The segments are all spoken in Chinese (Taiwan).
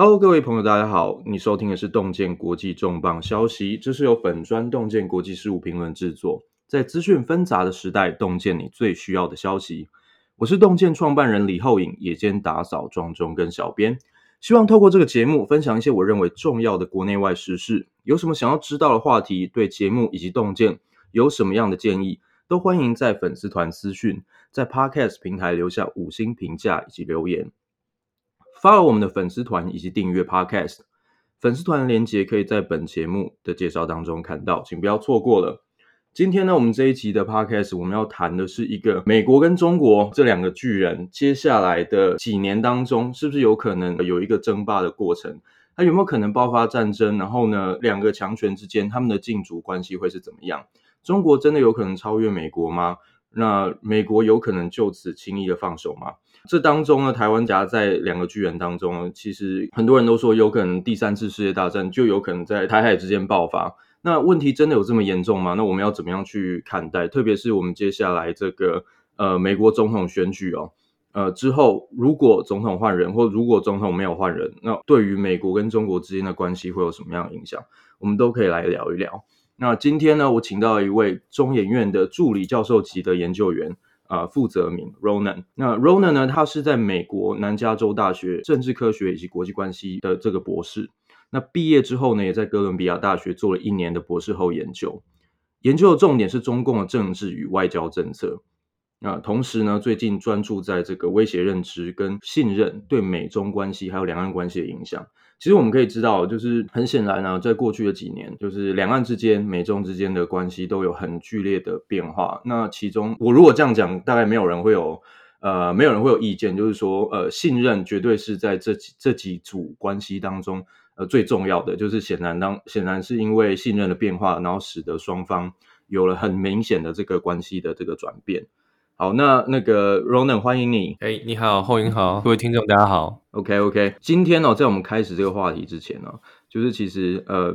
Hello，各位朋友，大家好！你收聽的是洞見國際重磅消息，這是由本專洞見國際事務評論製作。在資訊紛雜的時代，洞見你最需要的消息。我是洞見創辦人李厚穎，也兼打掃、撞鐘跟小編。希望透過這個節目，分享一些我認為重要的國內外時事。有什麼想要知道的話題，對節目以及洞見有什麼樣的建議，都歡迎在粉絲團私訊，在 Podcast 平台留下五星評價以及留言。follow 我們的粉絲團以及訂閱 Podcast，粉絲團的連結可以在本節目的介紹當中看到，請不要錯過了。今天呢，我們這一集的 Podcast 我們要談的是一個美國跟中國這兩個巨人接下來的幾年當中，是不是有可能有一個爭霸的過程？它有沒有可能爆發戰爭？然後呢，兩個強權之間他們的競逐關係會是怎麼樣？中國真的有可能超越美國嗎？那美國有可能就此輕易的放手嗎？這當中呢，台灣夾在兩個巨人當中，其實很多人都說，有可能第三次世界大戰就有可能在台海之間爆發。那問題真的有這麼嚴重嗎？那我們要怎麼樣去看待？特別是我們接下來這個呃美國總統選舉哦，呃之後如果總統換人，或如果總統沒有換人，那對於美國跟中國之間的關係會有什麼樣的影響？我們都可以來聊一聊。那今天呢，我請到一位中研院的助理教授級的研究員。啊，負責名 （Ronan）。那 Ronan 呢？他是在美國南加州大學政治科學以及國際關係的這個博士。那畢業之後呢，也在哥倫比亞大學做了一年的博士後研究，研究的重點是中共的政治與外交政策。那同時呢，最近專注在這個威脅認知跟信任對美中關係還有兩岸關係的影響。其實我們可以知道，就是很顯然啊，在過去的幾年，就是兩岸之間、美中之間的關係都有很劇烈的變化。那其中，我如果這樣講，大概沒有人會有，呃，沒有人會有意見。就是說，呃，信任絕對是在這幾，這幾組關係當中，呃，最重要的。就是顯然當，顯然是因為信任的變化，然後使得雙方有了很明顯的這個關係的這個轉變。好，那那個 Ronan，歡迎你。哎、欸，你好，歡迎好，各位聽眾，大家好。OK，OK，okay, okay. 今天呢、哦，在我們開始這個話題之前呢、哦，就是其實呃，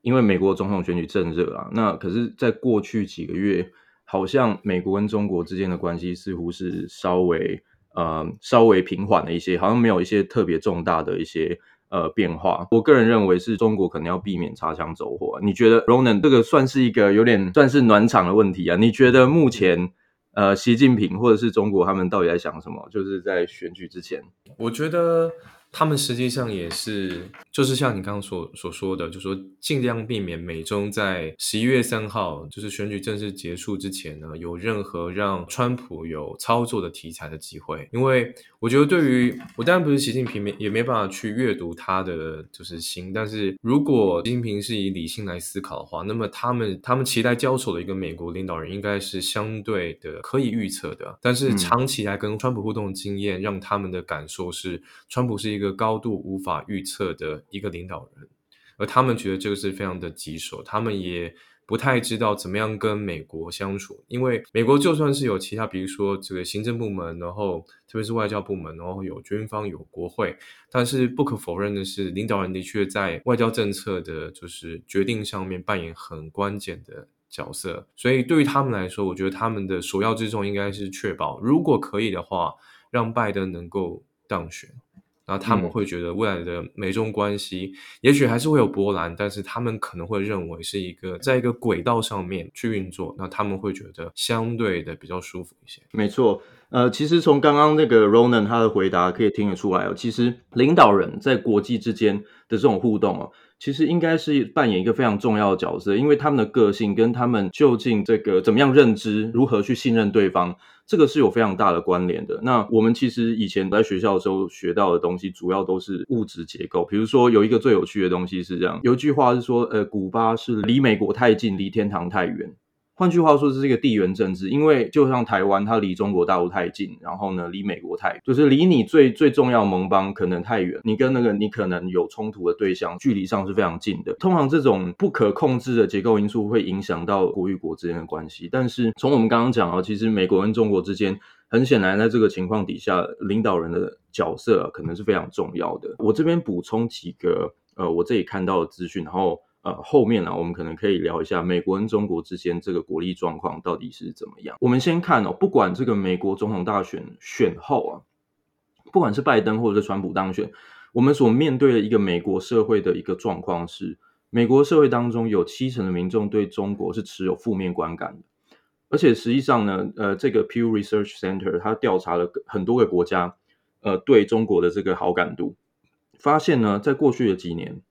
因為美國總統選舉正熱啊，那可是在過去幾個月，好像美國跟中國之間的關係似乎是稍微呃稍微平緩了一些，好像沒有一些特別重大的一些呃變化。我個人認為是中國可能要避免擦槍走火、啊。你覺得 Ronan 這個算是一個有點算是暖場的問題啊？你覺得目前？呃，習近平或者是中國，他們到底在想什麼？就是在選舉之前，我覺得。他們實際上也是，就是像你剛剛所所說的，就是說盡量避免美中在十一月三號，就是選舉正式結束之前呢，有任何讓川普有操作的題材的機會。因為我覺得，對於我當然不是習近平，沒也沒辦法去閱讀他的就是心。但是如果習近平是以理性來思考的話，那麼他們他們期待交手的一個美國領導人，應該是相對的可以預測的。但是長期來跟川普互動的經驗，讓他們的感受是川普是一。一個高度無法預測的一個領導人，而他們覺得這個是非常的棘手，他們也不太知道怎麼樣跟美國相處，因為美國就算是有其他，比如說這個行政部門，然後特別是外交部門，然後有軍方有國會，但是不可否認的是，領導人的確在外交政策的就是決定上面扮演很關鍵的角色，所以對於他們來說，我覺得他們的首要之重應該是確保，如果可以的話，讓拜登能夠當選。那他們會覺得未來的美中關係、嗯、也許還是會有波瀾，但是他們可能會認為是一個、嗯、在一個軌道上面去運作，那他們會覺得相對的比較舒服一些。沒錯，呃，其實從剛剛那個 Ronan 他的回答可以聽得出來哦，其實領導人在國際之間的這種互動哦，其實應該是扮演一個非常重要的角色，因為他們的個性跟他們究竟這個怎麼樣認知，如何去信任對方，這個是有非常大的關聯的。那我們其實以前在學校的時候學到的東西，主要都是物質結構。比如說有一個最有趣的東西是這樣，有一句話是說，呃，古巴是離美國太近，離天堂太遠。換句話說，這是一個地緣政治，因為就像台灣，它離中國大陸太近，然後呢，離美國太遠，就是離你最最重要的盟邦可能太遠。你跟那個你可能有衝突的對象，距離上是非常近的。通常這種不可控制的結構因素會影響到國與國之間的關係。但是從我們剛剛講啊，其實美國跟中國之間，很顯然在這個情況底下，領導人的角色啊，可能是非常重要的。我這邊補充幾個呃，我這裡看到的資訊，然後。呃，後面呢，啊，我們可能可以聊一下美國跟中國之間這個國力狀況到底是怎麼樣。我們先看哦，不管這個美國總統大選選後啊，不管是拜登或者是川普當選，我們所面對的一個美國社會的一個狀況是，美國社會當中有七成的民眾對中國是持有負面觀感的。而且實際上呢，呃，這個 Pew Research Center 他調查了很多個國家，呃，對中國的這個好感度，發現呢，在過去的幾年。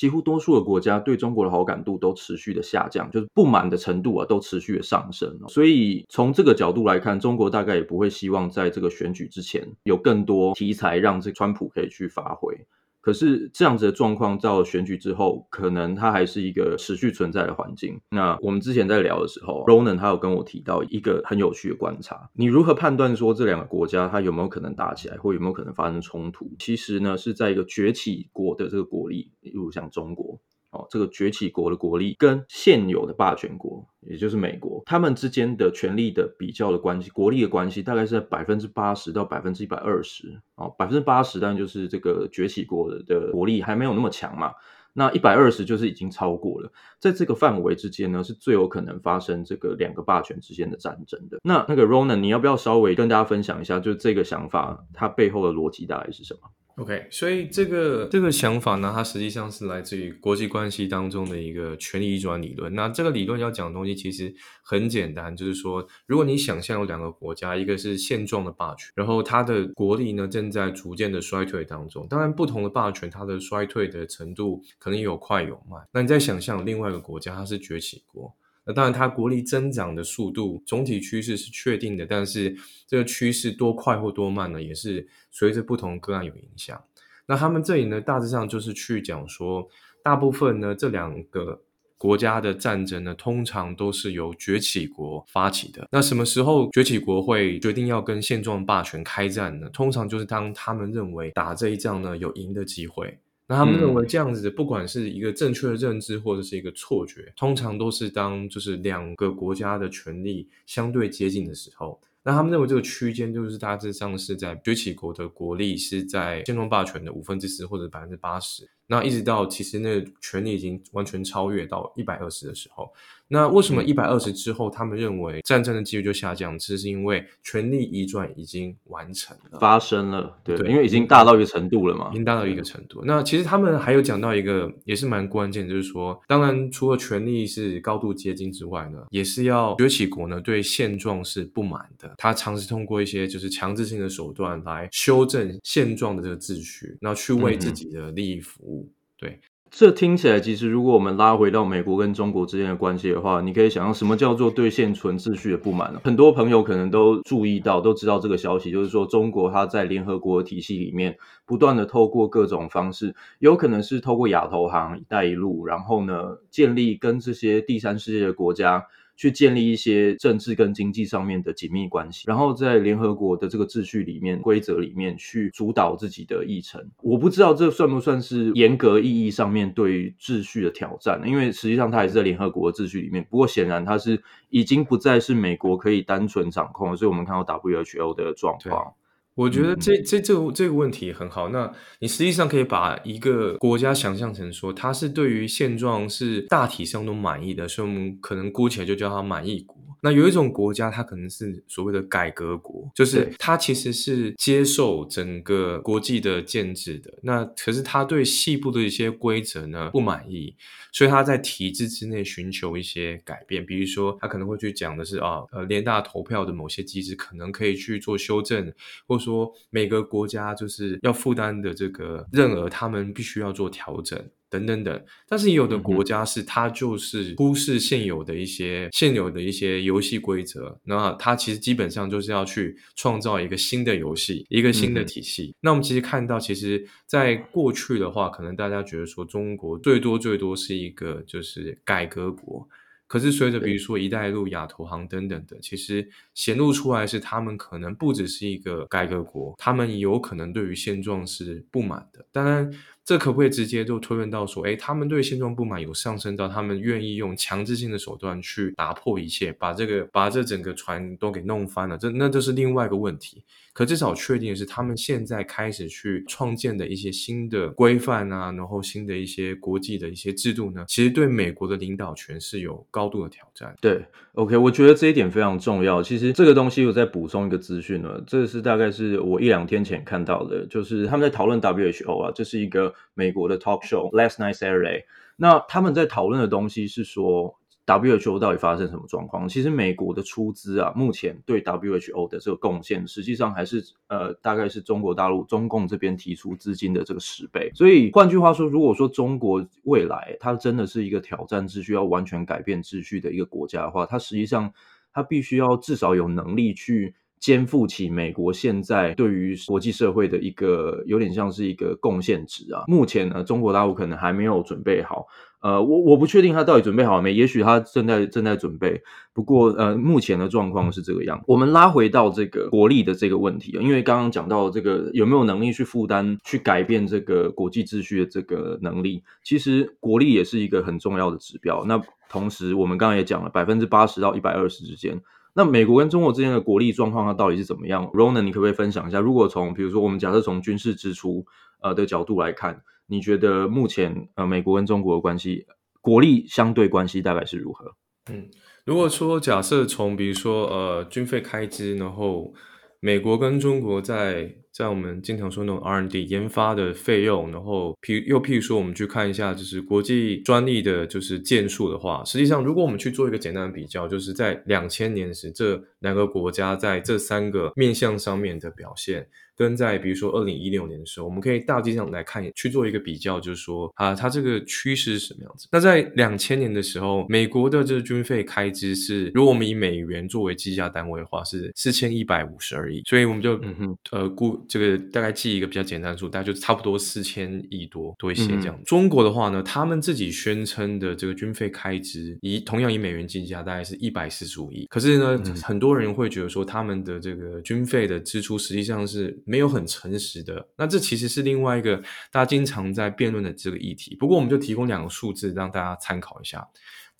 幾乎多數的國家對中國的好感度都持續的下降，就是不滿的程度啊都持續的上升。所以從這個角度來看，中國大概也不會希望在這個選舉之前有更多題材讓這川普可以去發揮。可是這樣子的狀況，到選舉之後，可能它還是一個持續存在的環境。那我們之前在聊的時候，Ronan 他有跟我提到一個很有趣的觀察：你如何判斷說這兩個國家它有沒有可能打起來，或有沒有可能發生衝突？其實呢，是在一個崛起國的這個國力，例如像中國哦，這個崛起國的國力跟現有的霸權國。也就是美國，他們之間的權力的比較的關係，國力的關係，大概是在百分之八十到百分之一百二十啊，百分之八十當然就是這個崛起國的的、這個、國力還沒有那麼強嘛，那一百二十就是已經超過了，在這個範圍之間呢，是最有可能發生這個兩個霸權之間的戰爭的。那那個 Ronan，你要不要稍微跟大家分享一下，就這個想法它背後的邏輯大概是什麼？OK，所以這個這個想法呢，它實際上是來自於國際關係當中的一個權力移轉理論。那這個理論要講的東西其實很簡單，就是說，如果你想象有兩個國家，一個是現狀的霸權，然後它的國力呢正在逐漸的衰退當中。當然，不同的霸權，它的衰退的程度可能有快有慢。那你再想象另外一個國家，它是崛起國。那當然，它國力增長的速度總體趨勢是確定的，但是這個趨勢多快或多慢呢，也是隨着不同個案有影響。那他們這裡呢，大致上就是去講說，大部分呢，這兩個國家的戰爭呢，通常都是由崛起國發起的。那什麼時候崛起國會決定要跟現狀霸權開戰呢？通常就是當他們認為打這一仗呢，有贏的機會。那他們認為這樣子，不管是一個正確的認知或者是一個錯覺，嗯、通常都是當就是兩個國家的權力相對接近的時候，那他們認為這個區間就是大致上是在崛起國的國力是在現狀霸權的五分之四或者百分之八十。那一直到其實那個權力已經完全超越到一百二十的時候，那為什麼一百二十之後、嗯、他們認為戰爭的幾率就下降？其實是因為權力移轉已經完成了，發生了，對對，因為已經大到一個程度了嘛，已經大到一個程度。對那其實他們還有講到一個也是蠻關鍵，就是說，當然除了權力是高度接近之外呢，也是要崛起國呢對現狀是不滿的，他嘗試通過一些就是強制性的手段來修正現狀的這個秩序，那去為自己的利益服務。嗯嗯對，這聽起來其實，如果我們拉回到美國跟中國之間的關係的話，你可以想象什麼叫做對現存秩序的不滿，啊、很多朋友可能都注意到，都知道這個消息，就是說中國它在聯合國的體系裡面不斷地透過各種方式，有可能是透過亞投行、一帶一路，然後呢，建立跟這些第三世界的國家。去建立一些政治跟經濟上面的緊密關係，然後在聯合國的這個秩序裡面、規則裡面去主導自己的議程。我不知道這算不算是嚴格意義上面對秩序的挑戰，因為實際上它也是在聯合國的秩序裡面。不過顯然它是已經不再是美國可以單純掌控，所以我們看到 WHO 的狀況。我覺得這、嗯、這這這個問題很好。那你實際上可以把一個國家想象成說，它是對於現狀是大體上都滿意的，所以我們可能姑且就叫它滿意國那有一種國家，它可能是所謂的改革國，就是它其實是接受整個國際的建制的，那可是它對細部的一些規則呢，不滿意，所以它在體制之內尋求一些改變，比如說它可能會去講的是啊，呃，聯大投票的某些機制可能可以去做修正，或者說每個國家就是要負擔的這個任額，他們必須要做調整。等等等，但是也有的國家是它就是忽視現有的一些、嗯、哼現有的一些遊戲規則，那它其實基本上就是要去創造一個新的遊戲，一個新的體系。嗯、哼那我們其實看到，其實在過去的話，可能大家覺得說中國最多最多是一個就是改革國，可是隨着比如說“一帶一路”、“亞投行”等等的，對其實顯露出來是他們可能不只是一個改革國，他們有可能對於現狀是不滿的。當然。這可不可以直接就推論到說，哎，他們對現狀不滿，有上升到他們願意用強制性的手段去打破一切，把這個把這整個船都給弄翻了？這那這是另外一個問題。可至少確定的是，他們現在開始去創建的一些新的規範啊，然後新的一些國際的一些制度呢，其實對美國的領導權是有高度的挑戰。對，OK，我覺得這一點非常重要。其實這個東西我再補充一個資訊了，這是大概是我一兩天前看到的，就是他們在討論 WHO 啊，這是一個。美國的 talk show last night Saturday 那他們在討論的東西是說 WHO 到底發生什麼狀況？其實美國的出資啊，目前對 WHO 的這個貢獻，實際上還是呃，大概是中國大陸中共這邊提出資金的這個十倍。所以換句話說，如果說中國未來它真的是一個挑戰秩序、要完全改變秩序的一個國家的話，它實際上它必須要至少有能力去。肩負起美國現在對於國際社會的一個有點像是一個貢獻值啊。目前呢，中國大陸可能還沒有準備好。呃，我我不確定他到底準備好了沒，也許他正在正在準備。不過呃，目前的狀況是這個樣子。嗯。我們拉回到這個國力的這個問題啊，因為剛剛講到這個有沒有能力去負擔、去改變這個國際秩序的這個能力，其實國力也是一個很重要的指標。那同時我們剛剛也講了，百分之八十到一百二十之間。那美國跟中國之間的國力狀況，它到底是怎麼樣？Ronan，你可不可以分享一下？如果從比如說，我們假設從軍事支出呃的角度來看，你覺得目前呃美國跟中國的關係國力相對關係大概是如何？嗯，如果說假設從比如說呃軍費開支，然後美國跟中國在在我們經常說那種 R&D 研發的費用，然後譬又譬如說我們去看一下，就是國際專利的就是件數的話，實際上如果我們去做一個簡單的比較，就是在兩千年時這兩個國家在這三個面向上面的表現，跟在比如說二零一六年的時候，我們可以大體上來看去做一個比較，就是說啊，它這個趨勢是什麼樣子？那在兩千年的時候，美國的這個軍費開支是，如果我們以美元作為計價單位的話，是四千一百五十二億，所以我們就嗯哼呃估。這個大概記一個比較簡單的數，大概就差不多四千億多多一些這樣。嗯、中國的話呢，他們自己宣稱的這個軍費開支，以同樣以美元計價，大概是一百四十五億。可是呢，嗯、很多人會覺得說他們的這個軍費的支出實際上是沒有很誠實的。那這其實是另外一個大家經常在辯論的這個議題。不過我們就提供兩個數字讓大家參考一下。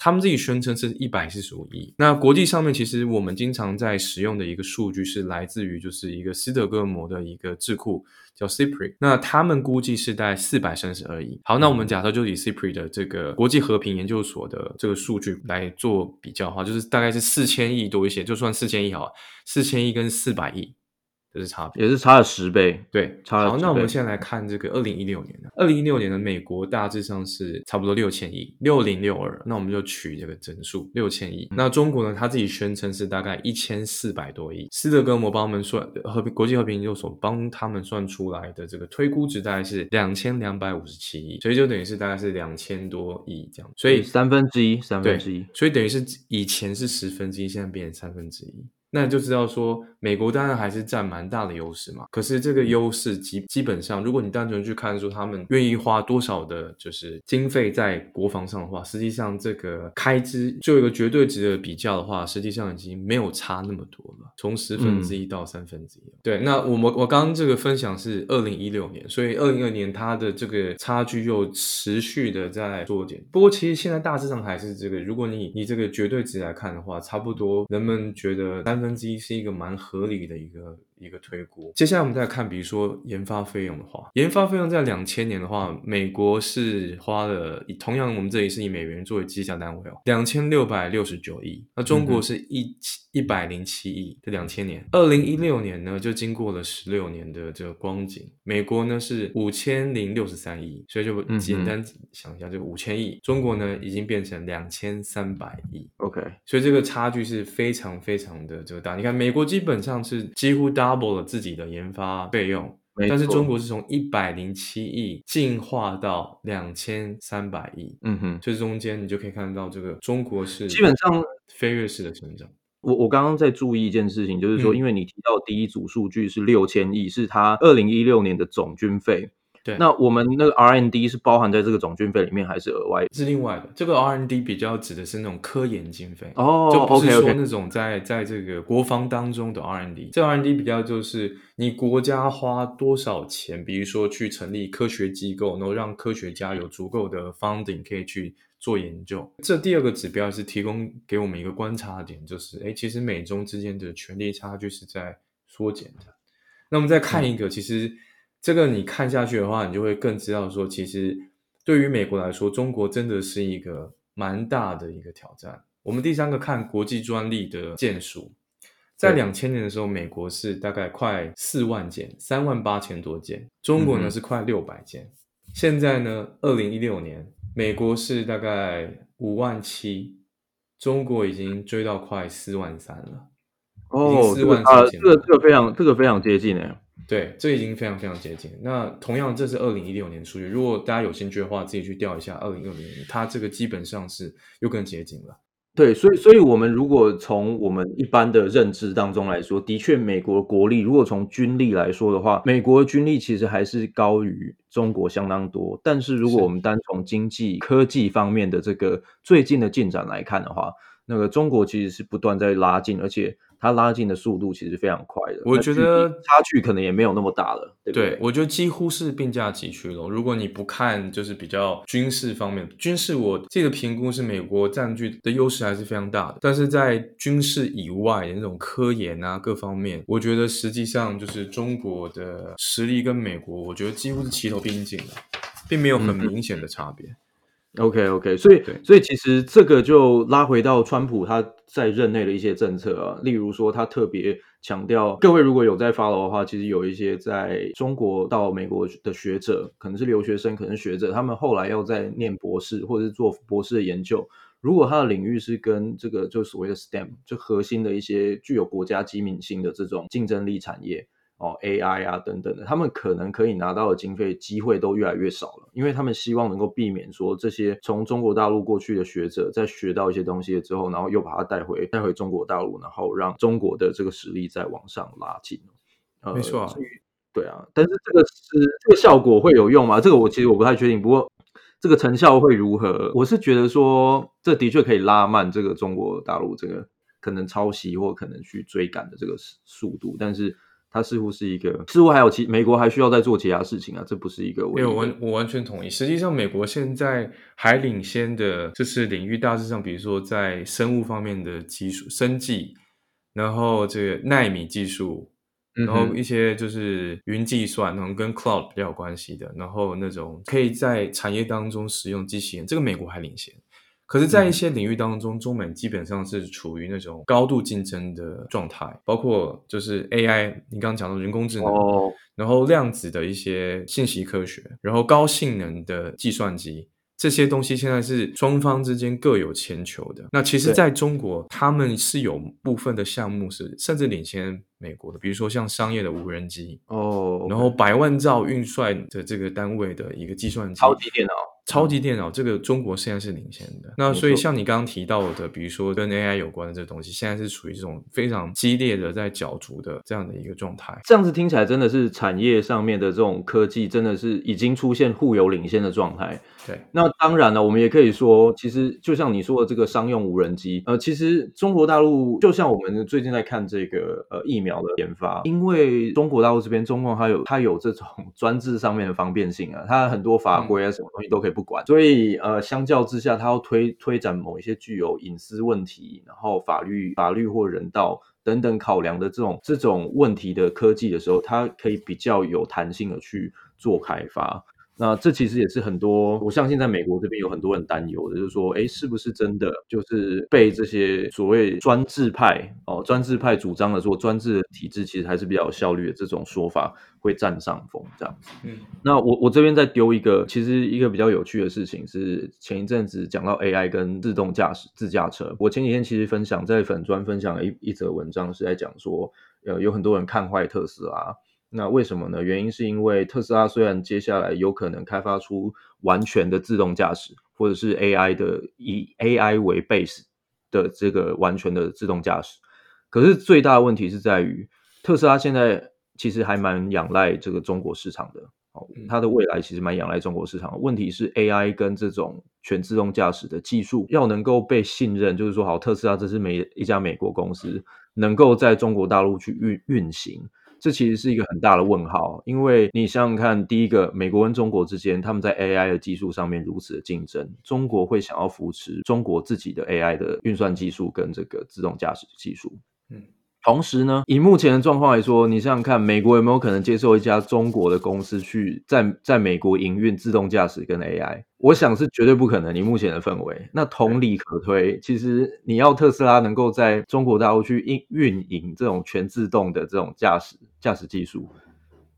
他們自己宣稱是一百四十五億。那國際上面其實我們經常在使用的一個數據是來自於，就是一個斯德哥爾摩的一個智庫叫 CIPRI。那他們估計是在四百三十二億而已。好，那我們假設就以 CIPRI 的這個國際和平研究所的這個數據來做比較哈，就是大概是四千億多一些，就算四千億好了，四千億跟四百億。這是差別也是差了十倍，對，差了十倍。好，那我們現在來看這個二零一六年的，二零一六年的美國大致上是差不多六千億，六零六二。那我們就取這個整數六千億。嗯、那中國呢，它自己宣稱是大概一千四百多億。斯德哥爾摩幫他們算和平國際和平研究所幫他們算出來的這個推估值大概是兩千兩百五十七億，所以就等於是大概是兩千多億這樣。所以三分之一，三分之一，所以等於是以前是十分之一，現在變成三分之一。那就知道說，美國當然還是占蠻大的優勢嘛。可是這個優勢基基本上，如果你單純去看說他們願意花多少的，就是經費在國防上的話，實際上這個開支就有一個絕對值的比較的話，實際上已經沒有差那麼多了。從十分之一到三分之一。嗯、對，那我們我剛剛這個分享是二零一六年，所以二零二年它的這個差距又持續的在縮減。不過其實現在大致上還是這個，如果你以這個絕對值來看的話，差不多人們覺得單。三分之一是一個蠻合理的一個。一個推估，接下來我們再看，比如說研發費用的話，研發費用在兩千年的話，美國是花了，同樣我們這裡是以美元作為計價單位哦，兩千六百六十九億，那中國是一、一百零七億，這兩千年，二零一六年呢，就經過了十六年的這個光景，美國呢是五千零六十三億，所以就簡單想一下，嗯、哼就五千億，中國呢已經變成兩千三百億，OK，所以這個差距是非常非常的這個大，你看美國基本上是幾乎當。double 了自己的研發費用，沒錯，但是中國是從一百零七億進化到兩千三百億，嗯哼，這中間你就可以看到這個中國是基本上飛躍式的成長。我我剛剛在注意一件事情，就是說，因為你提到第一組數據是六千億，嗯、是它二零一六年的總軍費。那我們那個 R&D 是包含在這個總軍費裡面，還是額外的？是另外的。這個 R&D 比較指的是那種科研經費哦，oh, 就不是說那種在 okay, okay. 在這個國防當中的 R&D 這 R。這 R&D 比較就是你國家花多少錢，比如說去成立科學機構，然後讓科學家有足夠的 funding 可以去做研究。這第二個指標是提供給我們一個觀察點，就是哎，其實美中之間的權力差距是在縮減的。那我們再看一個，嗯、其實。這個你看下去的話，你就會更知道說，其實對於美國來說，中國真的是一個蠻大的一個挑戰。我們第三個看國際專利的件數，在兩千年的時候，美國是大概快四萬件，三萬八千多件，中國呢是快六百件。嗯、哼現在呢，二零一六年，美國是大概五萬七，中國已經追到快四萬三了。哦，四萬三，這個這個非常這個非常接近誒。對，這已經非常非常接近。那同樣，這是二零一六年出去。如果大家有興趣的話，自己去調一下二零二零年，它這個基本上是又更接近了。對，所以，所以我們如果從我們一般的認知當中來說，的確，美國國力，如果從軍力來說的話，美國軍力其實還是高於中國相當多。但是，如果我們單從經濟、科技方面的這個最近的進展來看的話，那個中國其實是不斷在拉近，而且。它拉近的速度其實非常快的，我覺得差距可能也沒有那麼大了。對，對，對，我覺得幾乎是並駕齊驅了。如果你不看就是比較軍事方面，軍事我這個評估是美國佔據的優勢還是非常大的。但是在軍事以外的那種科研啊，各方面，我覺得實際上就是中國的實力跟美國，我覺得幾乎是齊頭並進的，並沒有很明顯的差別。 OK，OK，okay, okay, 所以對所以其實這個就拉回到川普他在任內的一些政策啊，例如說他特別強調，各位如果有在 follow 的話，其實有一些在中國到美國的學者，可能是留學生，可能學者，他們後來要在念博士或者是做博士的研究，如果他的領域是跟這個就所謂的 STEM，就核心的一些具有國家機敏性的這種競爭力產業。哦、oh，AI 啊，等等的，他們可能可以拿到的經費機會都越來越少了，因為他們希望能夠避免說，這些從中國大陸過去的學者，在學到一些東西之後，然後又把它帶回帶回中國大陸，然後讓中國的這個實力再往上拉近。啊、呃，沒錯，對啊，但是這個是這個效果會有用嗎？這個我其實我不太確定。不過這個成效會如何？我是覺得說這的確可以拉慢這個中國大陸這個可能抄襲或可能去追趕的這個速度，但是。它似乎是一個，似乎還有其，美國還需要再做其他事情啊，這不是一個問題。欸、我完我完全同意。實際上，美國現在還領先的，就是領域大致上，比如說在生物方面的技術、生技，然後這個奈米技術，然後一些就是雲計算，然後跟 cloud 比較有關係的，然後那種可以在產業當中使用機器人，這個美國還領先。可是，在一些領域當中，嗯、中美基本上是處於那種高度競爭的狀態，包括就是 AI，你剛講到人工智能，哦、然後量子的一些信息科學，然後高性能的計算機這些東西，現在是雙方之間各有千秋的。那其實，在中國，對他們是有部分的項目是甚至領先美國的，比如說像商業的無人機哦，然後百萬兆運算的這個單位的一個計算機，超級電腦。超級電腦這個中國，現在是領先的，那所以像你剛剛提到的，比如說跟 AI 有關的這東西，現在是處於這種非常激烈的在角逐的這樣的一個狀態。這樣子聽起來真的是產業上面的這種科技，真的是已經出現互有領先的狀態。對，那當然了，我們也可以說，其實就像你說的這個商用無人機，呃，其實中國大陸就像我們最近在看這個呃疫苗的研發，因為中國大陸這邊中共它有，它有這種專制上面的方便性啊，它很多法規啊什麼東西都可以。不管，所以，呃，相較之下，它要推推展某一些具有隱私問題，然後法律、法律或人道等等考量的這種這種問題的科技的時候，它可以比較有彈性的去做開發。那這其實也是很多，我相信在美國這邊有很多人擔憂的，就是說，哎，是不是真的就是被這些所謂專制派哦，專制派主張的說，專制體制其實還是比較有效率的這種說法會佔上風這樣子。嗯，那我我這邊再丟一個，其實一個比較有趣的事情是，前一陣子講到 AI 跟自動駕駛、自駕車，我前幾天其實分享在粉專分享的一一則文章，是在講說，呃，有很多人看壞特斯拉。那為什麼呢？原因是因為特斯拉雖然接下來有可能開發出完全的自動駕駛，或者是 AI 的以 AI 為 base 的這個完全的自動駕駛，可是最大的問題是在於特斯拉現在其實還蠻仰賴這個中國市場的哦，它的未來其實蠻仰賴中國市場的。問題是 AI 跟這種全自動駕駛的技術要能夠被信任，就是說，好，特斯拉這是美一家美國公司能夠在中國大陸去運運行。這其實是一個很大的問號，因為你想想看，第一個，美國跟中國之間，他們在 AI 的技術上面如此的競爭，中國會想要扶持中國自己的 AI 的運算技術跟這個自動駕駛技術，嗯。同時呢，以目前的狀況來說，你想想看，美國有沒有可能接受一家中國的公司去在在美國營運自動駕駛跟 AI？我想是絕對不可能。你目前的氛圍，那同理可推，對其實你要特斯拉能夠在中國大陸去運運營這種全自動的這種駕駛，駕駛技術。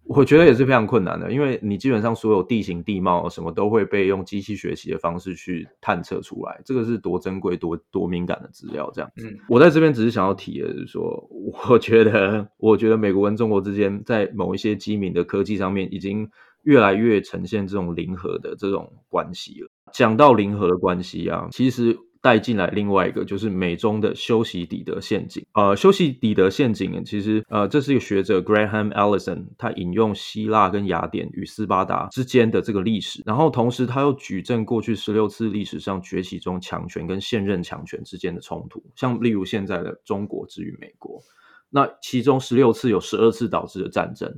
我覺得也是非常困難的，因為你基本上所有地形、地貌什麼都會被用機器學習的方式去探測出來，這個是多珍貴、多多敏感的資料。這樣子，嗯，我在這邊只是想要提的是說，我覺得，我覺得美國跟中國之間在某一些機敏的科技上面，已經越來越呈現這種零和的這種關係了。講到零和的關係啊，其實。帶進來另外一個就是美中的修昔底德陷阱。呃，修昔底德陷阱其實呃，這是一個學者 Graham Allison，他引用希臘跟雅典與斯巴達之間的這個歷史，然後同時他又舉證過去十六次歷史上崛起中強權跟現任強權之間的衝突，像例如現在的中國之於美國，那其中十六次有十二次導致的戰爭，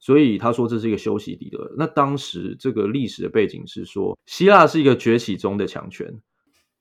所以他說這是一個修昔底德。那當時這個歷史的背景是說，希臘是一個崛起中的強權。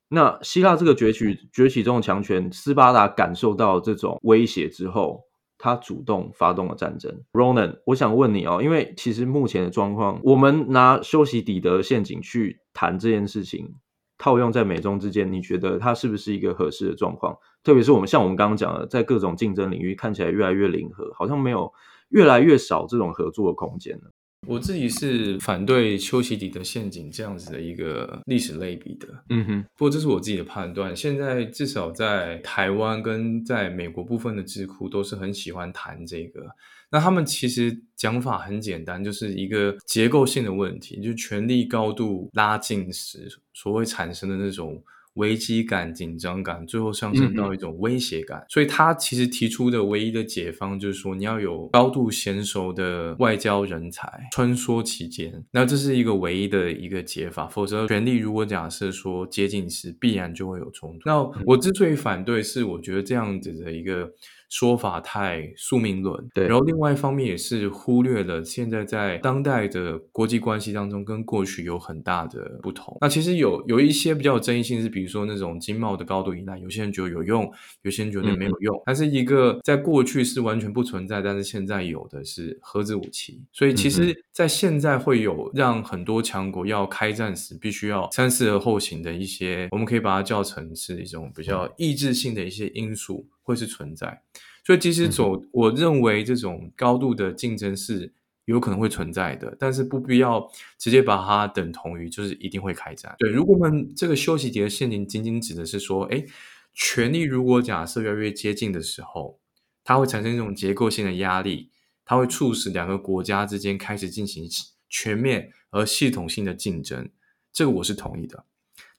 那希臘這個崛起崛起中的強權，斯巴達感受到這種威脅之後，他主動發動了戰爭。Ronan，我想問你哦，因為其實目前的狀況，我們拿修昔底德陷阱去談這件事情，套用在美中之間，你覺得它是不是一個合適的狀況？特別是我們像我們剛剛講的，在各種競爭領域看起來越來越零和，好像沒有越來越少這種合作的空間了。我自己是反對修昔底德的陷阱這樣子的一個歷史類比的，嗯哼。不過這是我自己的判斷。現在至少在台灣跟在美國部分的智庫都是很喜歡談這個。那他們其實講法很簡單，就是一個結構性的問題，就權力高度拉近時，所會產生的那種。危機感、緊張感，最後上升到一種威脅感。嗯、所以，他其實提出的唯一的解方就是說，你要有高度嫻熟的外交人才穿梭其間。那這是一個唯一的一個解法，否則權力如果假設說接近時，必然就會有衝突。那我之所以反對，是我覺得這樣子的一個。說法太宿命論，對。然後另外一方面也是忽略了現在在當代的國際關係當中跟過去有很大的不同。那其實有有一些比較有爭議性是，比如說那種經貿的高度依賴，有些人覺得有用，有些人覺得沒有用。還、嗯、哼是一個在過去是完全不存在，但是現在有的是核子武器。所以其實在現在會有讓很多強國要開戰時必須要三思而後行的一些，我們可以把它叫成是一種比較抑制性的一些因素。嗯會是存在，所以即使走，嗯、我認為這種高度的競爭是有可能會存在的，但是不必要直接把它等同於就是一定會開戰。對，如果我們這個修昔底德陷阱僅，僅僅指的是說，哎，權力如果假設越來越接近的時候，它會產生一種結構性的壓力，它會促使兩個國家之間開始進行全面而系統性的競爭。這個我是同意的。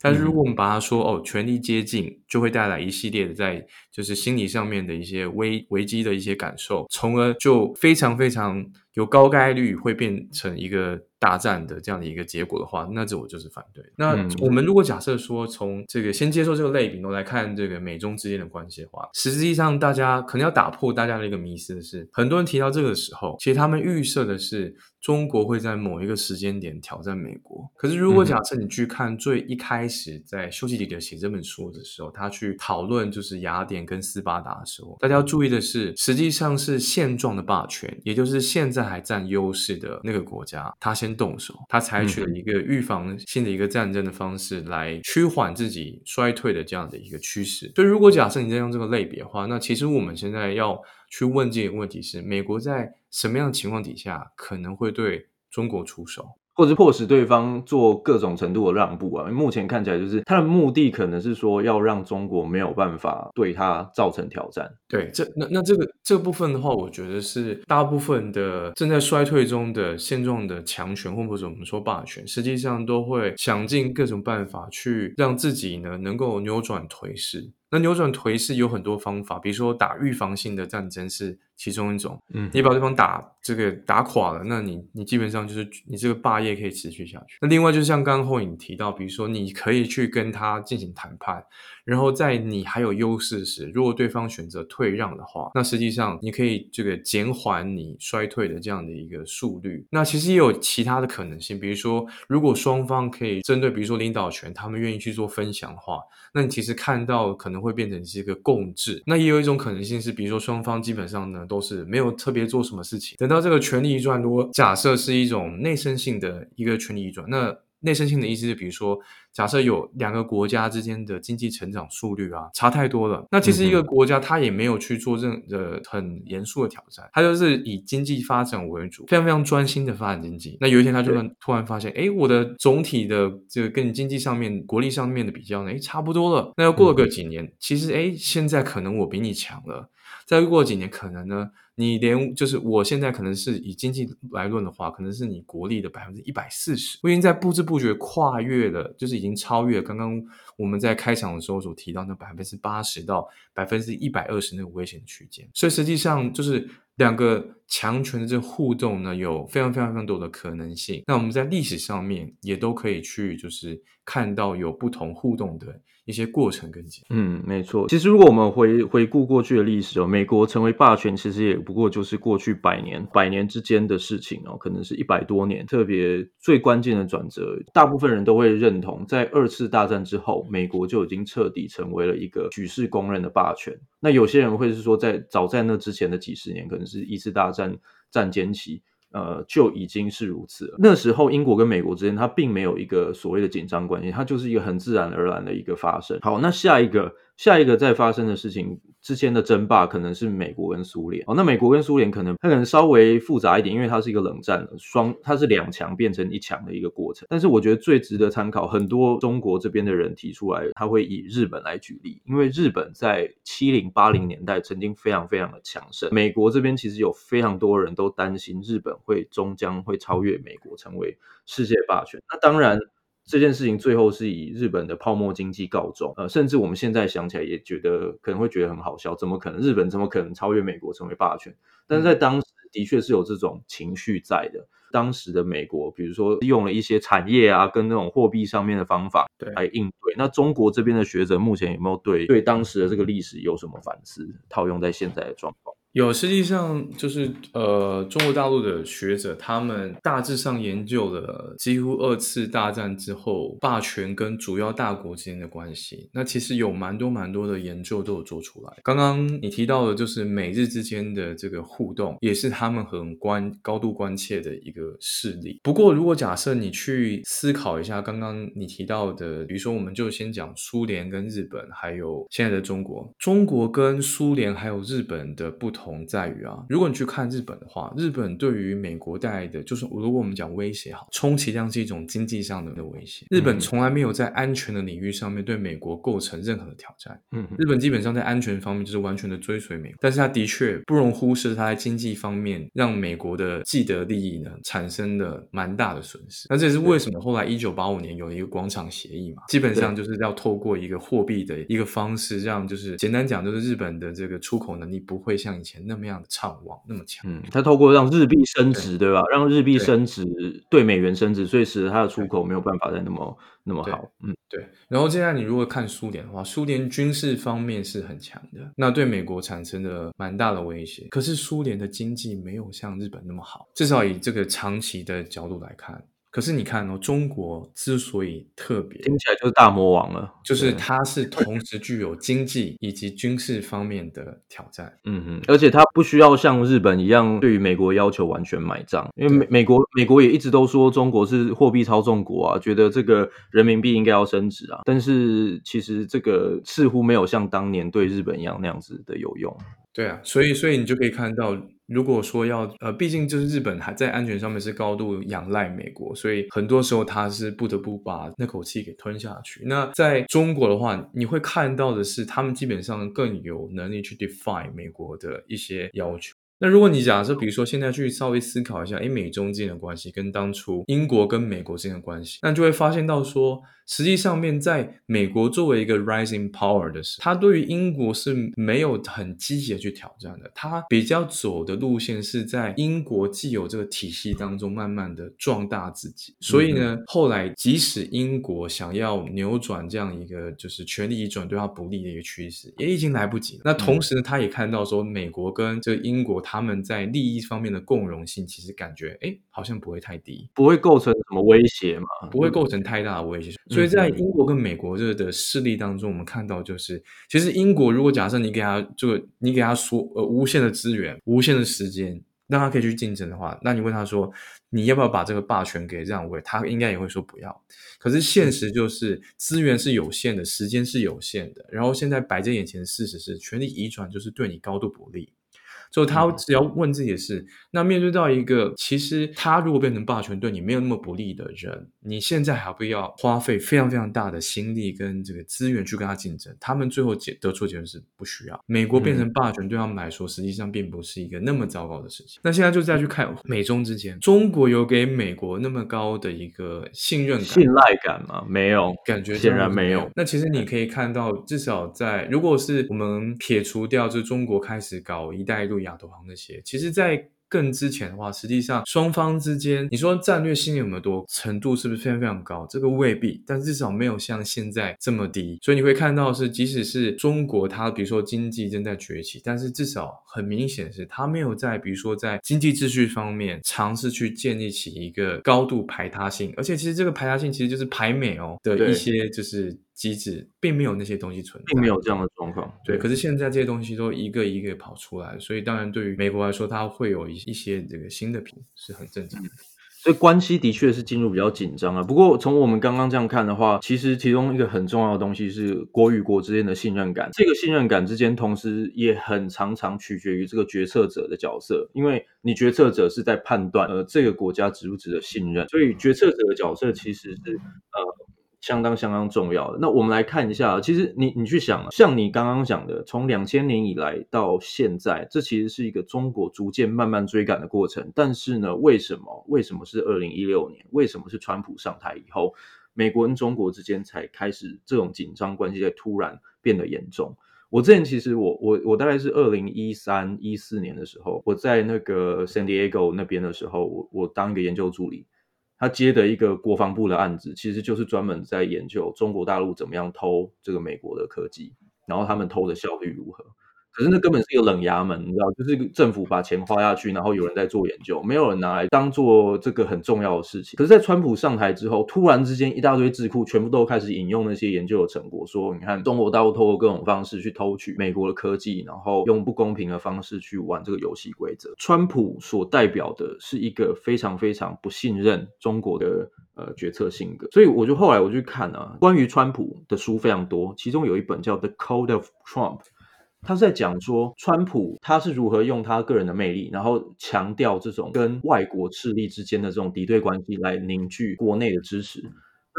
但是如果我們把它說哦，權力接近，就會帶來一系列的在就是心理上面的一些危危機的一些感受，從而就非常非常有高概率會變成一個。大戰的這樣的一個結果的話，那這我就是反對。那我們如果假設說，從這個先接受這個類比呢我來看，這個美中之間的關係的話，實際上大家可能要打破大家的一個迷思的是，很多人提到這個時候，其實他們預設的是中國會在某一個時間點挑戰美國。可是如果假設你去看最一開始在修昔底德寫這本書的時候，他去討論就是雅典跟斯巴達的時候，大家要注意的是，實際上是現狀的霸權，也就是現在還占優勢的那個國家，他先。先動手，他採取了一個預防性的一個戰爭的方式，來趨緩自己衰退的這樣的一個趨勢。所以，如果假設你在用這個類別的話，那其實我們現在要去問這個問題是：美國在什麼樣的情況底下可能會對中國出手？或者迫使對方做各種程度的讓步啊，目前看起來就是他的目的可能是說要讓中國沒有辦法對他造成挑戰。對，這那那這個這部分的話，我覺得是大部分的正在衰退中的現狀的強權，或或者我們說霸權，實際上都會想尽各種辦法去讓自己呢能夠扭轉頹勢。那扭轉頹勢有很多方法，比如說打預防性的戰爭是其中一種。嗯哼，你把對方打這個打垮了，那你你基本上就是你這個霸業可以持續下去。那另外，就是像剛剛後影提到，比如說你可以去跟他進行談判。然後在你還有優勢時，如果對方選擇退讓的話，那實際上你可以這個減緩你衰退的這樣的一個速率。那其實也有其他的可能性，比如說，如果雙方可以針對，比如說領導權，他們願意去做分享的話，那你其實看到可能會變成是一個共治。那也有一種可能性是，比如說雙方基本上呢都是沒有特別做什麼事情，等到這個權力移轉，如果假設是一種內生性的一個權力移轉，那。內生性的意思，就比如說，假設有兩個國家之間的經濟成長速率啊，差太多了。那其實一個國家它也沒有去做任呃很嚴肅的挑戰，嗯嗯它就是以經濟發展為主，非常非常專心的發展經濟。那有一天它就突然發現，哎對、欸，我的總體的這個跟你經濟上面、國力上面的比較呢，哎、欸，差不多了。那又過了個幾年，嗯嗯其實哎、欸，現在可能我比你強了。再過幾年，可能呢，你連就是我現在可能是以經濟來論的話，可能是你國力的百分之一百四十，我已經在不知不覺跨越了，就是已經超越了剛剛我們在開場的時候所提到那百分之八十到百分之一百二十那個危險區間。所以實際上就是兩個強權的這互動呢，有非常非常非常多的可能性。那我們在歷史上面也都可以去就是看到有不同互動的一些過程跟結，嗯，沒錯。其實如果我們回回顧過去的歷史哦，美國成為霸權其實也不過就是過去百年百年之間的事情哦，可能是一百多年。特別最關鍵的轉折，大部分人都會認同，在二次大戰之後，美國就已經徹底成為了一個舉世公認的霸權。那有些人會是說，在早在那之前的幾十年，可能是一次大戰戰間期。呃，就已經是如此了。那時候，英國跟美國之間，它並沒有一個所謂的緊張關係，它就是一個很自然而然的一個發生。好，那下一個，下一個再發生的事情。之前的爭霸可能是美國跟蘇聯，哦，那美國跟蘇聯可能它可能稍微複雜一點，因為它是一個冷戰的，雙它是兩強變成一強的一個過程。但是我覺得最值得參考，很多中國這邊的人提出來，它會以日本來舉例，因為日本在七零八零年代曾經非常非常的強盛，美國這邊其實有非常多人都擔心日本會終將會超越美國，成為世界霸權。那當然。這件事情最後是以日本的泡沫經濟告終，呃，甚至我們現在想起來也覺得可能會覺得很好笑，怎麼可能日本怎麼可能超越美國成為霸權？但是在當時的確是有這種情緒在的。當時的美國，比如說用了一些產業啊跟那種貨幣上面的方法，對，來應對。那中國這邊的學者目前有沒有對對當時的這個歷史有什麼反思？套用在現在的狀況？有實際上就是呃，中國大陸的學者他們大致上研究了幾乎二次大戰之後霸權跟主要大國之間的關係。那其實有蠻多蠻多的研究都有做出來。剛剛你提到的，就是美日之間的這個互動，也是他們很關高度關切的一個事例。不過，如果假設你去思考一下剛剛你提到的，比如說我們就先講蘇聯跟日本，還有現在的中國，中國跟蘇聯還有日本的不同。同在於啊，如果你去看日本的話，日本對於美國帶來的就是，如果我們講威脅好，充其量是一種經濟上的的威脅。日本從來沒有在安全的領域上面對美國構成任何的挑戰。嗯哼，日本基本上在安全方面就是完全的追隨美國，但是它的確不容忽視，它在經濟方面讓美國的既得利益呢產生了蠻大的損失。那這也是為什麼後來一九八五年有一個廣場協議嘛，基本上就是要透過一個貨幣的一個方式，讓就是簡單講就是日本的這個出口能力不會像。以前那麼樣的暢旺，那麼強。嗯，他透過讓日幣升值，對，對吧？讓日幣升值，對，對美元升值，所以使得他的出口沒有辦法再那麼對那麼好。嗯，對。然後接下來你如果看蘇聯的話，蘇聯軍事方面是很強的，那對美國產生了蠻大的威脅。可是蘇聯的經濟沒有像日本那麼好，至少以這個長期的角度來看。可是你看哦，中國之所以特別，聽起來就是大魔王了，就是它是同時具有經濟以及軍事方面的挑戰。嗯嗯，而且它不需要像日本一樣，對於美國要求完全買賬，因為美對美國美國也一直都說中國是貨幣操縱國啊，覺得這個人民幣應該要升值啊。但是其實這個似乎沒有像當年對日本一樣那樣子的有用。對啊，所以所以你就可以看到，如果說要呃，畢竟就是日本還在安全上面是高度仰賴美國，所以很多時候他是不得不把那口氣給吞下去。那在中國的話，你會看到的是，他們基本上更有能力去 defy 美國的一些要求。那如果你假設，比如說現在去稍微思考一下，哎、欸，美中之間的關係跟當初英國跟美國之間的關係，那你就會發現到說，實際上面在美國作為一個 rising power 的時候，它對於英國是沒有很積極的去挑戰的，它比較走的路線是在英國既有這個體系當中慢慢的壯大自己。嗯嗯，所以呢，後來即使英國想要扭轉這樣一個就是權力移轉對他不利的一個趨勢，也已經來不及了。那同時呢，嗯、他也看到說，美國跟這個英國他。他們在利益方面的共融性，其實感覺誒好像不會太低，不會構成什麼威脅嘛，不會構成太大的威脅。嗯、所以在英國跟美國這個的勢力當中，我們看到就是，其實英國如果假設你給他這個，你給他說呃無限的資源、無限的時間，讓他可以去競爭的話，那你問他說你要不要把這個霸權給讓位，他應該也會說不要。可是現實就是資源是有限的，時間是有限的，然後現在擺在眼前的事實是權力移轉，就是對你高度不利。所以他只要問自己的事，嗯、那面對到一個其實他如果變成霸權，對你沒有那麼不利的人，你現在還不要花費非常非常大的心力跟這個資源去跟他競爭，他們最後結，得出結論是不需要。美國變成霸權對他們來說，實際上並不是一個那麼糟糕的事情。嗯、那現在就再去看美中之間，中國有給美國那麼高的一個信任感、信賴感嗎？沒有感覺，顯然沒有。沒有，那其實你可以看到，至少在如果是我們撇除掉，就是中國開始搞一帶一路，亞投行那些，其實，在更之前的話，實際上雙方之間，你說戰略性有沒有多程度，是不是非常非常高？這個未必，但至少沒有像現在這麼低。所以你會看到是，即使是中國，它比如說經濟正在崛起，但是至少很明顯是它沒有在，比如說在經濟秩序方面嘗試去建立起一個高度排他性，而且其實這個排他性其實就是排美哦的一些就是。機制並沒有那些東西存在，並沒有這樣的狀況。對，可是現在這些東西都一個一個跑出來，所以當然對於美國來說，它會有一一些，這個新的品是很正常的，嗯。所以關係的確是進入比較緊張啊。不過從我們剛剛這樣看的話，其實其中一個很重要的東西是國與國之間的信任感。這個信任感之間，同時也很常常取決於這個決策者的角色，因為你決策者是在判斷呃這個國家值不值得信任。所以決策者的角色其實是呃。相當相當重要的。那我們來看一下，其實你你去想啊，像你剛剛講的，從兩千年以來到現在，這其實是一個中國逐漸慢慢追趕的過程。但是呢，為什麼為什麼是二零一六年？為什麼是川普上台以後，美國跟中國之間才開始這種緊張關係在突然變得嚴重？我之前其實我我我大概是二零一三一四年的時候，我在那個 San Diego 那邊的時候，我我當一個研究助理。他接的一個國防部的案子，其實就是專門在研究中國大陸怎麼樣偷這個美國的科技，然後他們偷的效率如何。可是那根本是一個冷衙門，你知道，就是政府把錢花下去，然後有人在做研究，沒有人拿來當做這個很重要的事情。可是，在川普上台之後，突然之間，一大堆智庫全部都開始引用那些研究的成果，說你看，中國大陸透過各種方式去偷取美國的科技，然後用不公平的方式去玩這個遊戲規則。川普所代表的是一個非常非常不信任中國的呃決策性格，所以我就後來我就看啊，關於川普的書非常多，其中有一本叫《The Code of Trump》。他是在講說，川普他是如何用他個人的魅力，然後強調這種跟外國勢力之間的這種敵對關係，來凝聚國內的支持。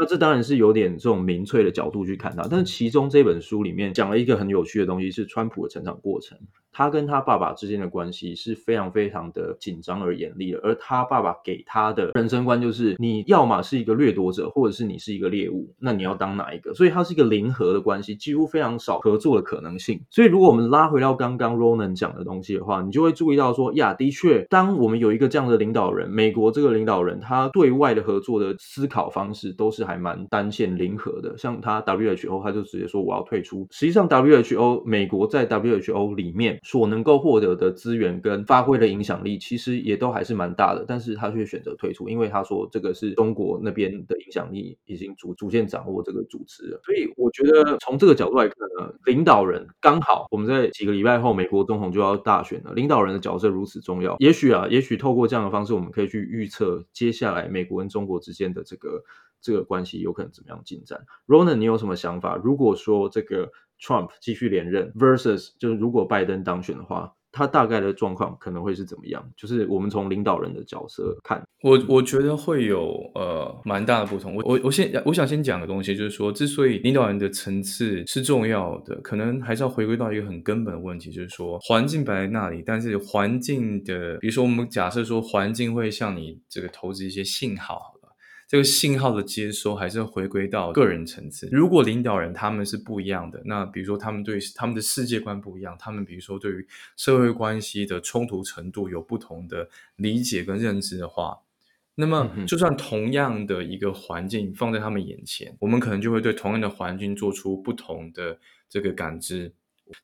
那這當然是有點這種民粹的角度去看它，但是其中這本書裡面講了一個很有趣的東西，是川普的成長過程，他跟他爸爸之間的關係是非常非常的緊張而嚴厲的，而他爸爸給他的人生觀就是你要麼是一個掠奪者，或者是你是一個獵物，那你要當哪一個？所以它是一個零和的關係，幾乎非常少合作的可能性。所以如果我們拉回到剛剛 Ronan 講的東西的話，你就會注意到說，呀，的確，當我們有一個這樣的領導人，美國這個領導人他對外的合作的思考方式都是。還蠻單線零和的，像他 WHO，他就直接說我要退出。實際上 WHO，美國在 WHO 裡面所能夠獲得的資源跟發揮的影響力，其實也都還是蠻大的。但是他卻選擇退出，因為他說這個是中國那邊的影響力已經逐逐漸掌握這個組織了。所以我覺得從這個角度來看呢，領導人剛好我們在幾個禮拜後，美國總統就要大選了。領導人的角色如此重要，也許啊，也許透過這樣的方式，我們可以去預測接下來美國跟中國之間的這個。這個關係有可能怎麼樣進展？Ronan，你有什麼想法？如果說這個 Trump 繼續連任，versus 就是如果拜登當選的話，他大概的狀況可能會是怎麼樣？就是我們從領導人的角色看，我我覺得會有呃蠻大的不同。我我我先我想先講個東西就是說，之所以領導人的層次是重要的，可能還是要回歸到一個很根本的問題，就是說環境擺在那裡，但是環境的，比如說我們假設說環境會向你這個投資一些信號。這個信號的接收還是回歸到個人層次。如果領導人他們是不一樣的，那比如說他們對他們的世界觀不一樣，他們比如說對於社會關係的衝突程度有不同的理解跟認知的話，那麼就算同樣的一個環境放在他們眼前，嗯、哼我們可能就會對同樣的環境做出不同的這個感知。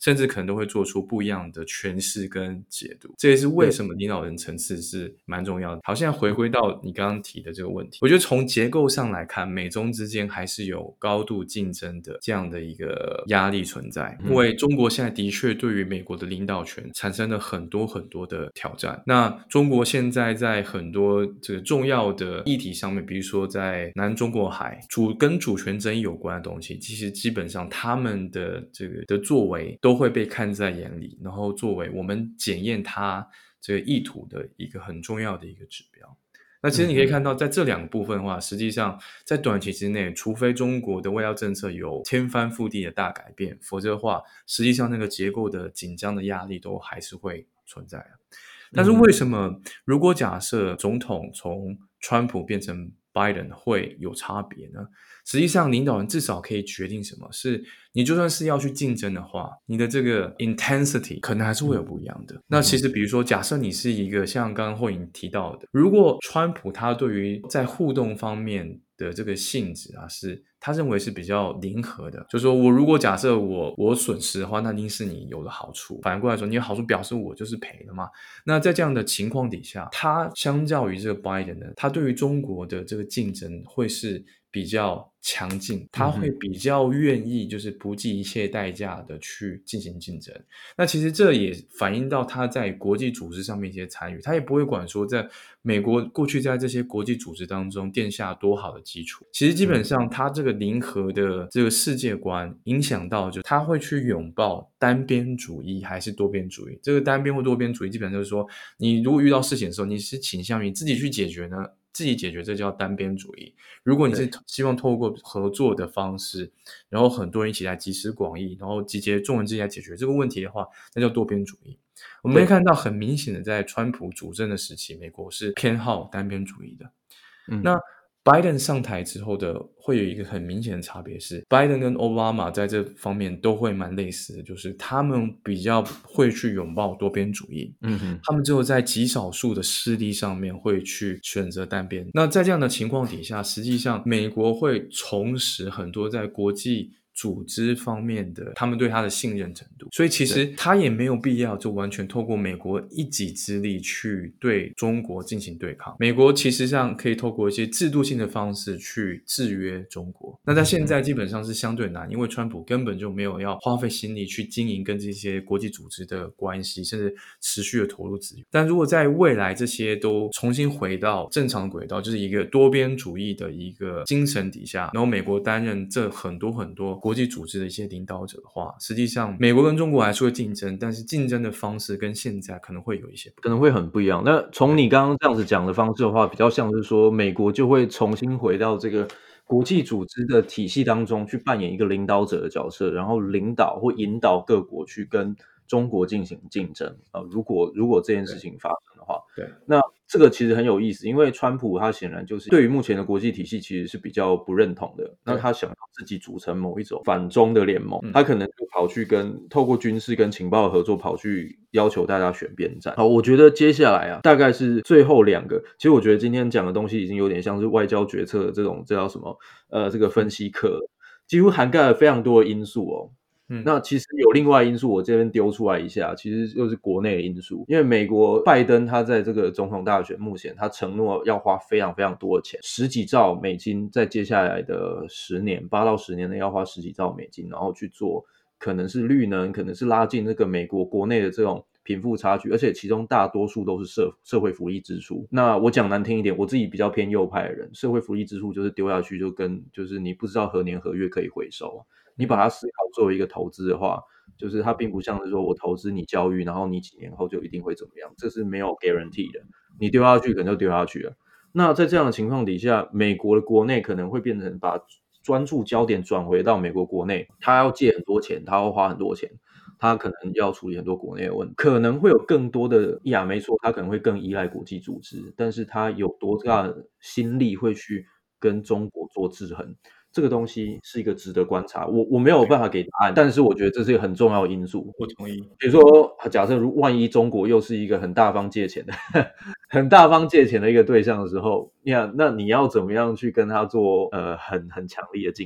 甚至可能都會做出不一樣的詮釋跟解讀，這也是為什麼領導人層次是蠻重要的。好，現在回歸到你剛剛提的這個問題，我覺得從結構上來看，美中之間還是有高度競爭的這樣的一個壓力存在，因為中國現在的確對於美國的領導權產生了很多很多的挑戰。那中國現在在很多這個重要的議題上面，比如說在南中國海主跟主權爭議有關的東西，其實基本上他們的這個的作為。都會被看在眼裡，然後作為我們檢驗他這個意圖的一個很重要的一個指標。那其實你可以看到，在這兩部分的話，嗯哼。實際上在短期之內，除非中國的外交政策有天翻覆地的大改變，否則的話，實際上那個結構的緊張的壓力都還是會存在的。但是為什麼，如果假設總統從川普變成拜登會有差別呢？實際上，領導人至少可以決定什麼是你就算是要去競爭的話，你的這個 intensity 可能還是會有不一樣的。嗯、那其實，比如說，假設你是一個像剛剛霍穎提到的，如果川普他對於在互動方面的這個性質啊是，是他認為是比較零和的，就是說我如果假設我我損失的話，那一定是你有了好處。反過來說，你有好處，表示我就是賠了嘛。那在這樣的情況底下，他相較於這個 Biden 呢，他對於中國的這個競爭會是比較強勁，他會比較願意，就是不計一切代價的去進行競爭。嗯、哼那其實這也反映到他在國際組織上面一些參與，他也不會管說在美國過去在這些國際組織當中奠下多好的基礎。其實基本上，他這個零和的這個世界觀，影響到就他會去擁抱單邊主義還是多邊主義。這個單邊或多邊主義，基本上就是說，你如果遇到事情的時候，你是傾向於自己去解決呢？自己解決，這叫單邊主義。如果你是希望透過合作的方式，對然後很多人一起來集思廣益，然後集結眾人之力來解決這個問題的話，那叫多邊主義。我們可以看到，很明顯的，在川普主政的時期，美國是偏好單邊主義的。對那嗯，那。拜登上台之後的會有一個很明顯的差別是，拜登跟奧巴馬在這方面都會蠻類似的，就是他們比較會去擁抱多邊主義，嗯哼，他們只有在極少數的勢力上面會去選擇單邊。那在這樣的情況底下，實際上美國會重拾很多在國際。組織方面的，他們對他的信任程度，所以其實他也沒有必要就完全透過美國一己之力去對中國進行對抗。美國其實上可以透過一些制度性的方式去制約中國。那在現在基本上是相對難，因為川普根本就沒有要花費心力去經營跟這些國際組織的關係，甚至持續的投入資源。但如果在未來這些都重新回到正常軌道，就是一個多邊主義的一個精神底下，然後美國擔任這很多很多。國際組織的一些領導者的話，實際上美國跟中國還是會競爭，但是競爭的方式跟現在可能會有一些不，可能會很不一樣。那從你剛剛這樣子講的方式的話，比較像是說美國就會重新回到這個國際組織的體系當中去扮演一個領導者的角色，然後領導或引導各國去跟。中國進行競爭啊！如果，如果這件事情發生的話，對，對，那這個其實很有意思，因為川普他顯然就是對於目前的國際體系其實是比較不認同的。對。那他想要自己組成某一種反中的聯盟，嗯，他可能就跑去跟透過軍事跟情報合作，跑去要求大家選邊站。好，我覺得接下來啊，大概是最後兩個。其實我覺得今天講的東西已經有點像是外交決策的這種這叫什麼？呃，這個分析課幾乎涵蓋了非常多的因素哦。嗯，那其實有另外的因素，我這邊丟出來一下，其實就是國內的因素。因為美國拜登他在這個總統大選，目前他承諾要花非常非常多的錢，十幾兆美金，在接下來的十年、八到十年內要花十幾兆美金，然後去做可能是綠能，可能是拉近這個美國國內的這種貧富差距，而且其中大多數都是社社會福利支出。那我講難聽一點，我自己比較偏右派的人，社會福利支出就是丟下去，就跟就是你不知道何年何月可以回收。你把它思考作為一個投資的話，就是它並不像是說我投資你教育，然後你幾年後就一定會怎麼樣，這是沒有 guarantee 的。你丟下去可能就丟下去了。那在這樣的情況底下，美國的國內可能會變成把專注焦點轉回到美國國內，他要借很多錢，他要花很多錢，他可能要處理很多國內的問題，可能會有更多的呀，沒錯，他可能會更依賴國際組織，但是他有多大心力會去跟中國做制衡？這個東西是一個值得觀察，我我沒有辦法給答案，但是我覺得這是一個很重要的因素。我同意。比如說，假設如萬一中國又是一個很大方借錢的 很大方借錢的一個對象的時候，你看，那你要怎麼樣去跟他做呃很很強力的競爭？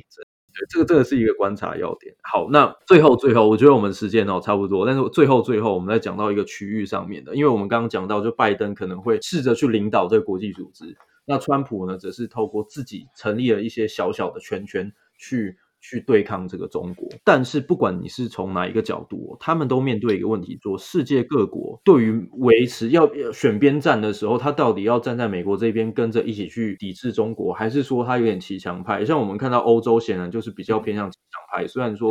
對，這個這個是一個觀察要點。好，那最後最後，我覺得我們時間哦差不多，但是最後最後，我們再講到一個區域上面的，因為我們剛剛講到，就拜登可能會試着去領導這個國際組織。那川普呢，則是透過自己成立了一些小小的圈圈去，去去對抗這個中國。但是，不管你是從哪一個角度，他們都面對一個問題：說世界各國對於維持要選邊站的時候，他到底要站在美國這邊，跟着一起去抵制中國，還是說他有點騎牆派？像我們看到歐洲，顯然就是比較偏向騎牆派。雖然說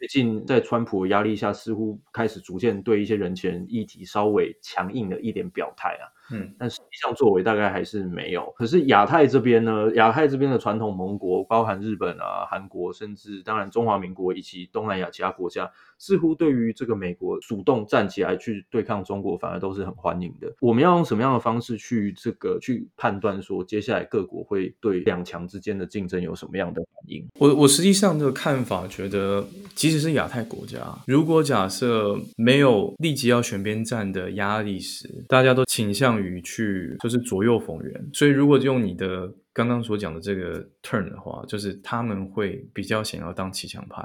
最近在川普的壓力下，似乎開始逐漸對一些人權議題稍微強硬了一點表態啊。嗯，但實際上作為大概還是沒有。可是亞太這邊呢，亞太這邊的傳統盟國，包含日本啊、韓國，甚至當然中華民國以及東南亞其他國家，似乎對於這個美國主動站起來去對抗中國，反而都是很歡迎的。我們要用什麼樣的方式去這個去判斷說，接下來各國會對兩強之間的競爭有什麼樣的反應？我我實際上的看法，覺得即使是亞太國家，如果假設沒有立即要選邊站的壓力時，大家都傾向。於去就是左右逢源，所以如果用你的剛剛所講的這個 turn 的話，就是他們會比較想要當騎牆派。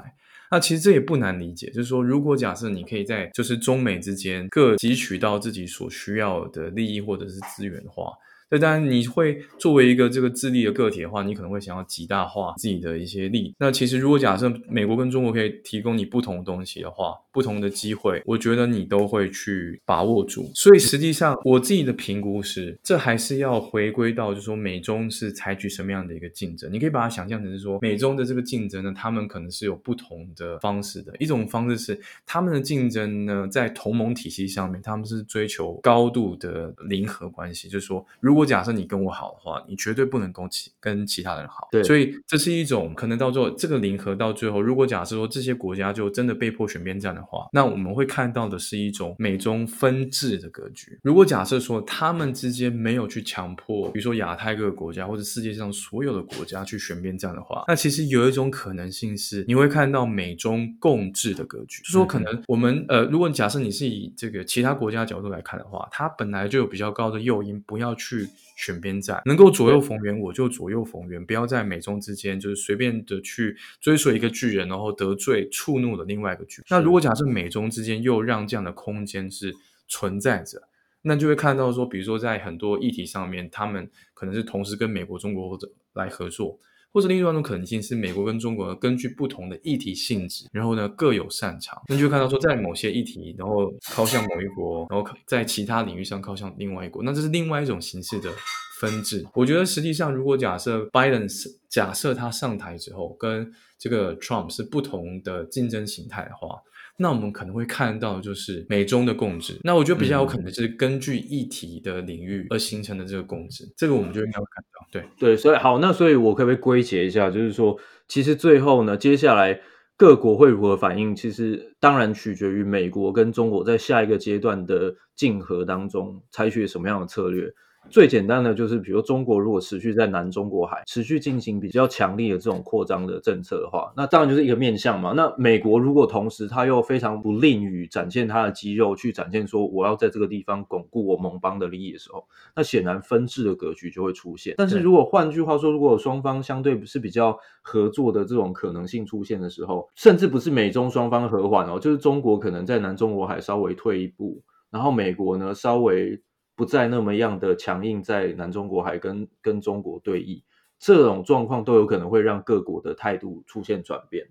那其實這也不難理解，就是說，如果假設你可以在就是中美之間各汲取到自己所需要的利益或者是資源的話。那當然，你會作為一個這個自立的個體的話，你可能會想要極大化自己的一些力。那其實，如果假設美國跟中國可以提供你不同的東西的話，不同的機會，我覺得你都會去把握住。所以，實際上我自己的評估是，這還是要回歸到就是說美中是採取什麼樣的一個競爭。你可以把它想象成是說美中的這個競爭呢，他們可能是有不同的方式的。一種方式是他們的競爭呢，在同盟體系上面，他們是追求高度的零和關係，就是說如如果假設你跟我好的話，你絕對不能跟其跟其他人好。對，所以這是一種可能。到最後，這個零和到最後，如果假設說這些國家就真的被迫選邊這樣的話，那我們會看到的是一種美中分治的格局。如果假設說他們之間沒有去強迫，比如說亞太各個國家或者世界上所有的國家去選邊這樣的話，那其實有一種可能性是你會看到美中共治的格局。嗯、就說可能我們呃，如果假設你是以這個其他國家角度來看的話，它本來就有比較高的誘因，不要去選邊站，能夠左右逢源，我就左右逢源，不要在美中之間就是隨便的去追隨一個巨人，然後得罪觸怒了另外一個巨人。那如果假設美中之間又讓這樣的空間是存在着，那就會看到說，比如說在很多議題上面，他們可能是同時跟美國、中國或者來合作。或是另一種可能性是，美國跟中國根據不同的議題性質，然後呢，各有擅長，那就看到說，在某些議題，然後靠向某一國，然後在其他領域上靠向另外一國，那這是另外一種形式的分治。我覺得實際上，如果假設 Biden 假設他上台之後跟這個 Trump 是不同的競爭形態的話。那我們可能會看到，就是美中的共治。那我覺得比較有可能就是根據議題的領域而形成的這個共治，嗯、這個我們就應該會看到。嗯、對對，所以好，那所以我可不可以歸結一下，就是說，其實最後呢，接下來各國會如何反應，其實當然取決於美國跟中國在下一個階段的競合當中採取什麼樣的策略。最簡單的就是，比如說中國如果持續在南中國海持續進行比較強力的這種擴張的政策的話，那當然就是一個面向嘛。那美國如果同時他又非常不吝於展現他的肌肉，去展現說我要在這個地方鞏固我盟邦的利益的時候，那顯然分治的格局就會出現。但是如果換句話說，如果雙方相對不是比較合作的這種可能性出現的時候，甚至不是美中雙方和緩，哦，就是中國可能在南中國海稍微退一步，然後美國呢稍微。不再那麼樣的強硬，在南中國海跟跟中國對弈，這種狀況都有可能會讓各國的態度出現轉變。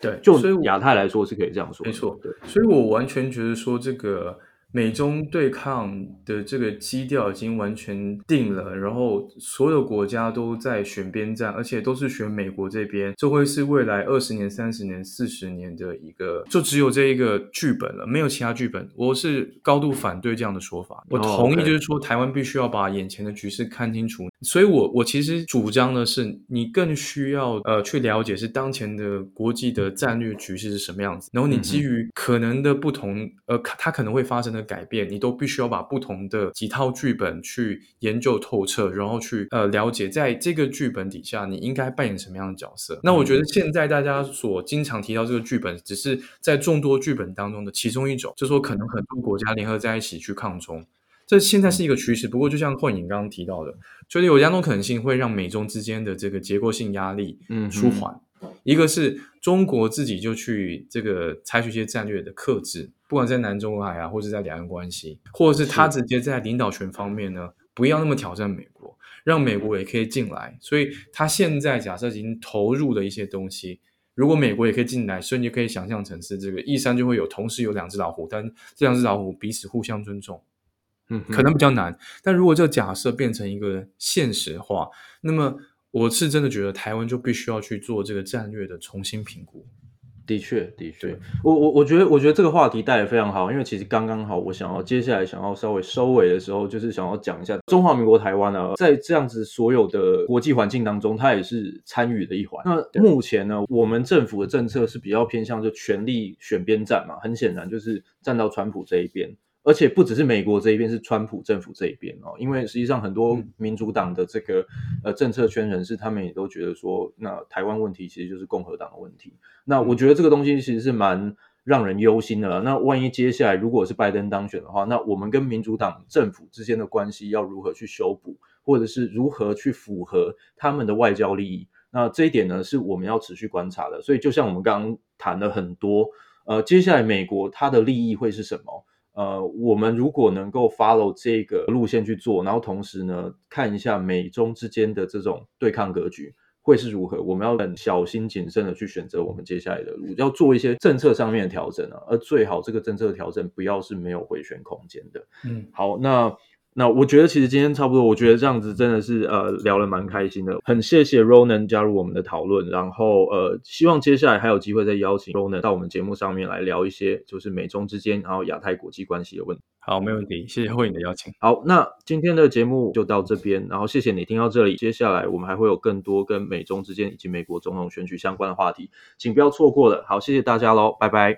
對，就所以就亞太來說是可以這樣說，沒錯。所以我完全覺得說這個。美中對抗的這個基調已經完全定了，然後所有國家都在選邊站，而且都是選美國這邊，這會是未來二十年、三十年、四十年的一個，就只有這一個劇本了，沒有其他劇本。我是高度反對這樣的說法。我同意，就是說台灣必須要把眼前的局勢看清楚。所以我我其實主張的是，你更需要呃去了解是當前的國際的戰略局勢是什麼樣子，然後你基於可能的不同，嗯哼，呃，它可能會發生的。改變，你都必須要把不同的幾套劇本去研究透徹，然後去呃了解，在這個劇本底下，你應該扮演什麼樣的角色。嗯、那我覺得現在大家所經常提到這個劇本，只是在眾多劇本當中的其中一種，就是、說可能很多國家聯合在一起去抗中，這現在是一個趨勢。嗯、不過就像幻影剛剛提到的，以、就是、有兩種可能性會讓美中之間的這個結構性壓力舒嗯舒緩。嗯一個是中國自己就去這個採取一些戰略的克制，不管在南中國海啊，或者在兩岸關係，或者是他直接在領導權方面呢，不要那麼挑戰美國，讓美國也可以進來。所以，他現在假設已經投入的一些東西，如果美國也可以進來，所以你就可以想象成是這個一山就會有同時有兩隻老虎，但這兩隻老虎彼此互相尊重，嗯，可能比較難。但如果這個假設變成一個現實化，那麼。我是真的覺得台灣就必須要去做這個戰略的重新評估。的確，的確，吧我我我覺得我覺得這個話題帶得非常好，因為其實剛剛好，我想要接下來想要稍微收尾的時候，就是想要講一下中華民國台灣呢，啊，在這樣子所有的國際環境當中，它也是參與的一環。那目前呢，對我們政府的政策是比較偏向就全力選邊站嘛，很顯然就是站到川普這一邊。而且不只是美國這一邊，是川普政府這一邊哦。因為實際上很多民主黨的這個、嗯、呃政策圈人士，他們也都覺得說，那台灣問題其實就是共和黨的問題。那我覺得這個東西其實是蠻讓人憂心的啦。嗯、那萬一接下來如果是拜登當選的話，那我們跟民主黨政府之間的關係要如何去修補，或者是如何去符合他們的外交利益？那這一點呢，是我們要持續觀察的。所以就像我們剛剛談了很多，呃，接下來美國它的利益會是什麼？呃，我們如果能夠 follow 這個路線去做，然後同時呢，看一下美中之間的這種對抗格局會是如何，我們要很小心謹慎的去選擇我們接下來的路，要做一些政策上面的調整啊，而最好這個政策的調整不要是沒有回旋空間的。嗯，好，那。那我覺得其實今天差不多，我覺得這樣子真的是呃聊得蠻開心的，很謝謝 Ronan 加入我們的討論，然後呃希望接下來還有機會再邀請 Ronan 到我們節目上面來聊一些就是美中之間，然後亞太國際關係的問題。好，沒問題，謝謝慧穎的邀請。好，那今天的節目就到這邊，然後謝謝你聽到這裡，接下來我們還會有更多跟美中之間以及美國總統選舉相關的話題，請不要錯過了。好，謝謝大家嘍，拜拜。